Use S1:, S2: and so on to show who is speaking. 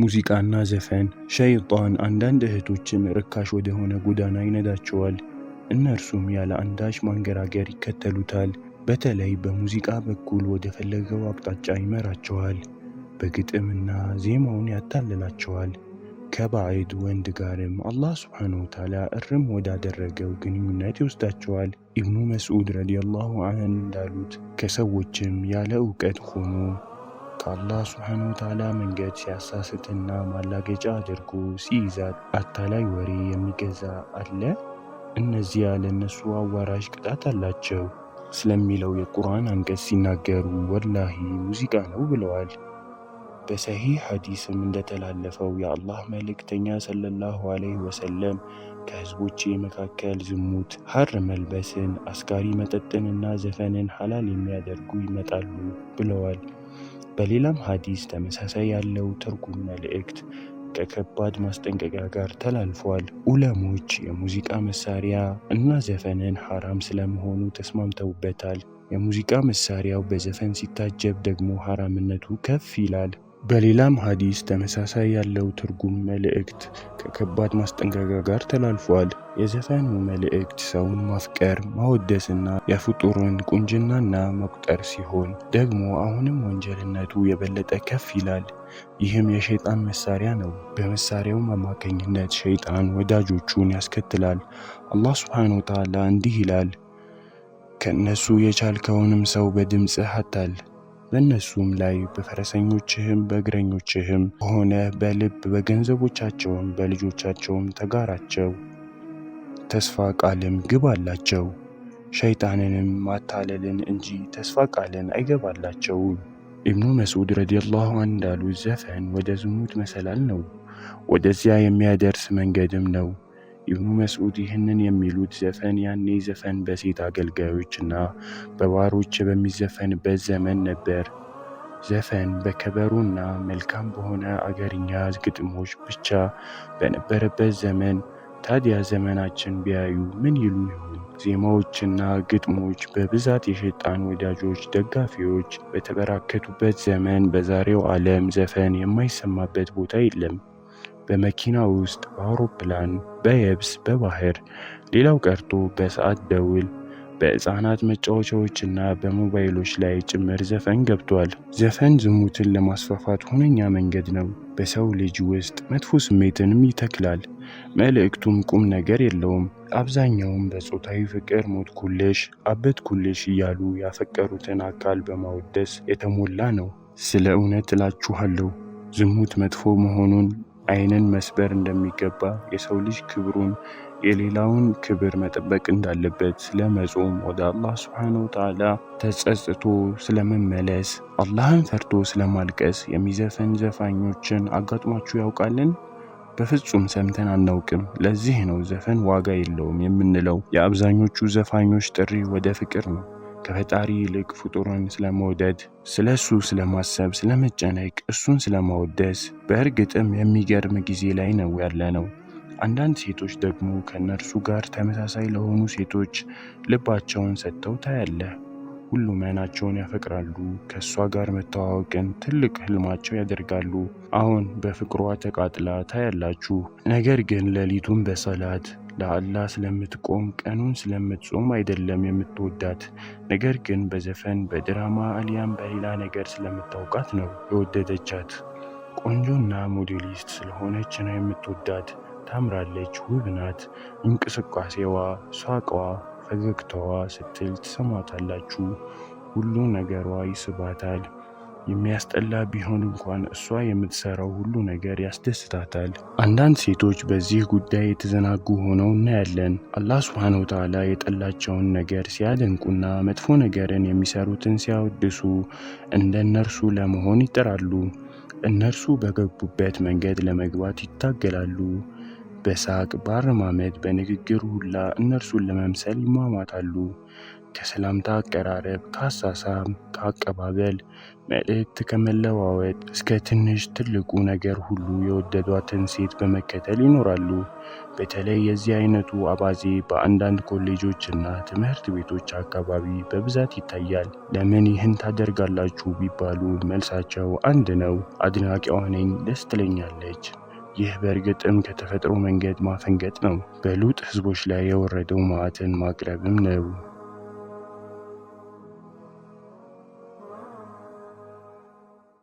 S1: ሙዚቃና ዘፈን ሸይጣን አንዳንድ እህቶችን ርካሽ ወደሆነ ጎዳና ይነዳቸዋል። እነርሱም ያለ አንዳች ማንገራገር ይከተሉታል። በተለይ በሙዚቃ በኩል ወደ ፈለገው አቅጣጫ ይመራቸዋል። በግጥምና ዜማውን ያታልላቸዋል። ከባዕድ ወንድ ጋርም አላህ ስብሓነ ወተዓላ እርም ወዳደረገው ግንኙነት ይወስዳቸዋል። ኢብኑ መስዑድ ረዲየላሁ አንሁ እንዳሉት ከሰዎችም ያለ እውቀት ሆኖ ከአላህ ሱብሓነሁ ወተዓላ መንገድ ሲያሳስትና ማላገጫ አድርጎ ሲይዛት አታላይ ወሬ የሚገዛ አለ። እነዚያ ለእነሱ አዋራሽ ቅጣት አላቸው ስለሚለው የቁርአን አንቀጽ ሲናገሩ ወላሂ ሙዚቃ ነው ብለዋል። በሰሂህ ሐዲስም እንደተላለፈው የአላህ መልእክተኛ ሰለላሁ ዐለይሂ ወሰለም ከሕዝቦቼ መካከል ዝሙት፣ ሐር መልበስን፣ አስካሪ መጠጥንና ዘፈንን ሐላል የሚያደርጉ ይመጣሉ ብለዋል። በሌላም ሐዲስ ተመሳሳይ ያለው ትርጉም መልእክት ከከባድ ማስጠንቀቂያ ጋር ተላልፏል። ዑለሞች የሙዚቃ መሳሪያ እና ዘፈንን ሐራም ስለመሆኑ ተስማምተውበታል። የሙዚቃ መሳሪያው በዘፈን ሲታጀብ ደግሞ ሐራምነቱ ከፍ ይላል። በሌላም ሐዲስ ተመሳሳይ ያለው ትርጉም መልእክት ከከባድ ማስጠንቀቂያ ጋር ተላልፏል። የዘፈኑ መልእክት ሰውን ማፍቀር ማወደስና የፍጡርን ቁንጅናና መቁጠር ሲሆን ደግሞ አሁንም ወንጀልነቱ የበለጠ ከፍ ይላል። ይህም የሸይጣን መሳሪያ ነው። በመሳሪያውም አማካኝነት ሸይጣን ወዳጆቹን ያስከትላል። አላህ ሱብሓነሁ ወተዓላ እንዲህ ይላል፣ ከእነሱ የቻልከውንም ሰው በድምፅህ አታል በእነሱም ላይ በፈረሰኞችህም በእግረኞችህም በሆነ በልብ በገንዘቦቻቸውም በልጆቻቸውም ተጋራቸው፣ ተስፋ ቃልም ግባላቸው ሸይጣንንም ማታለልን እንጂ ተስፋ ቃልን አይገባላቸውም። ኢብኑ መስዑድ ረዲየላሁ አን እንዳሉት ዘፈን ወደ ዝሙት መሰላል ነው፣ ወደዚያ የሚያደርስ መንገድም ነው። ይሁኑ መስዑድ ይህንን የሚሉት ዘፈን ያኔ ዘፈን በሴት አገልጋዮችና በባሮች በሚዘፈንበት ዘመን ነበር። ዘፈን በከበሮና መልካም በሆነ አገርኛ ግጥሞች ብቻ በነበረበት ዘመን ታዲያ ዘመናችን ቢያዩ ምን ይሉ ይሆን? ዜማዎችና ግጥሞች በብዛት የሸጣን ወዳጆች፣ ደጋፊዎች በተበራከቱበት ዘመን በዛሬው ዓለም ዘፈን የማይሰማበት ቦታ የለም። በመኪና ውስጥ፣ በአውሮፕላን፣ በየብስ፣ በባህር፣ ሌላው ቀርቶ በሰዓት ደውል፣ በሕፃናት መጫወቻዎችና በሞባይሎች ላይ ጭምር ዘፈን ገብቷል። ዘፈን ዝሙትን ለማስፋፋት ሁነኛ መንገድ ነው። በሰው ልጅ ውስጥ መጥፎ ስሜትንም ይተክላል። መልእክቱም ቁም ነገር የለውም። አብዛኛውም በጾታዊ ፍቅር ሞት አበት ኩልሽ እያሉ ያፈቀሩትን አካል በማወደስ የተሞላ ነው። ስለ እውነት እላችኋለሁ ዝሙት መጥፎ መሆኑን አይንን መስበር እንደሚገባ የሰው ልጅ ክብሩን የሌላውን ክብር መጠበቅ እንዳለበት ስለ መጾም ወደ አላህ ስብሓነ ወተዓላ ተጸጽቶ ስለመመለስ አላህን ፈርቶ ስለማልቀስ የሚዘፈን ዘፋኞችን አጋጥሟችሁ ያውቃልን? በፍጹም ሰምተን አናውቅም። ለዚህ ነው ዘፈን ዋጋ የለውም የምንለው። የአብዛኞቹ ዘፋኞች ጥሪ ወደ ፍቅር ነው። ከፈጣሪ ይልቅ ፍጡሩን ስለመውደድ፣ ስለ እሱ ስለማሰብ፣ ስለመጨነቅ፣ እሱን ስለማወደስ በእርግጥም የሚገርም ጊዜ ላይ ነው ያለነው። አንዳንድ ሴቶች ደግሞ ከእነርሱ ጋር ተመሳሳይ ለሆኑ ሴቶች ልባቸውን ሰጥተው ታያለህ። ሁሉም አይናቸውን ያፈቅራሉ። ከእሷ ጋር መተዋወቅን ትልቅ ህልማቸው ያደርጋሉ። አሁን በፍቅሯ ተቃጥላ ታያላችሁ። ነገር ግን ሌሊቱን በሰላት ለአላ ስለምትቆም ቀኑን ስለምትጾም አይደለም የምትወዳት። ነገር ግን በዘፈን በድራማ አሊያም በሌላ ነገር ስለምታውቃት ነው የወደደቻት። ቆንጆና ሞዴሊስት ስለሆነች ነው የምትወዳት። ታምራለች፣ ውብ ናት። እንቅስቃሴዋ፣ ሳቋ ፈገግታዋ ስትል ትሰማታላችሁ! ሁሉ ነገሯ ይስባታል። የሚያስጠላ ቢሆን እንኳን እሷ የምትሰራው ሁሉ ነገር ያስደስታታል። አንዳንድ ሴቶች በዚህ ጉዳይ የተዘናጉ ሆነው እናያለን። አላህ ሱብሓነ ወተዓላ የጠላቸውን ነገር ሲያደንቁና መጥፎ ነገርን የሚሰሩትን ሲያወድሱ እንደ እነርሱ ለመሆን ይጥራሉ። እነርሱ በገቡበት መንገድ ለመግባት ይታገላሉ። በሳቅ በአረማመድ በንግግር ሁላ እነርሱን ለመምሰል ይሟሟታሉ። ከሰላምታ አቀራረብ፣ ከአሳሳም፣ ከአቀባበል፣ መልእክት ከመለዋወጥ እስከ ትንሽ ትልቁ ነገር ሁሉ የወደዷትን ሴት በመከተል ይኖራሉ። በተለይ የዚህ አይነቱ አባዜ በአንዳንድ እና ትምህርት ቤቶች አካባቢ በብዛት ይታያል። ለምን ይህን ታደርጋላችሁ ቢባሉ መልሳቸው አንድ ነው። አድናቂዋ ነኝ፣ ደስ ትለኛለች። ይህ በእርግጥም ከተፈጥሮ መንገድ ማፈንገጥ ነው። በሉጥ ህዝቦች ላይ የወረደው ማዕተን ማቅረብም ነው።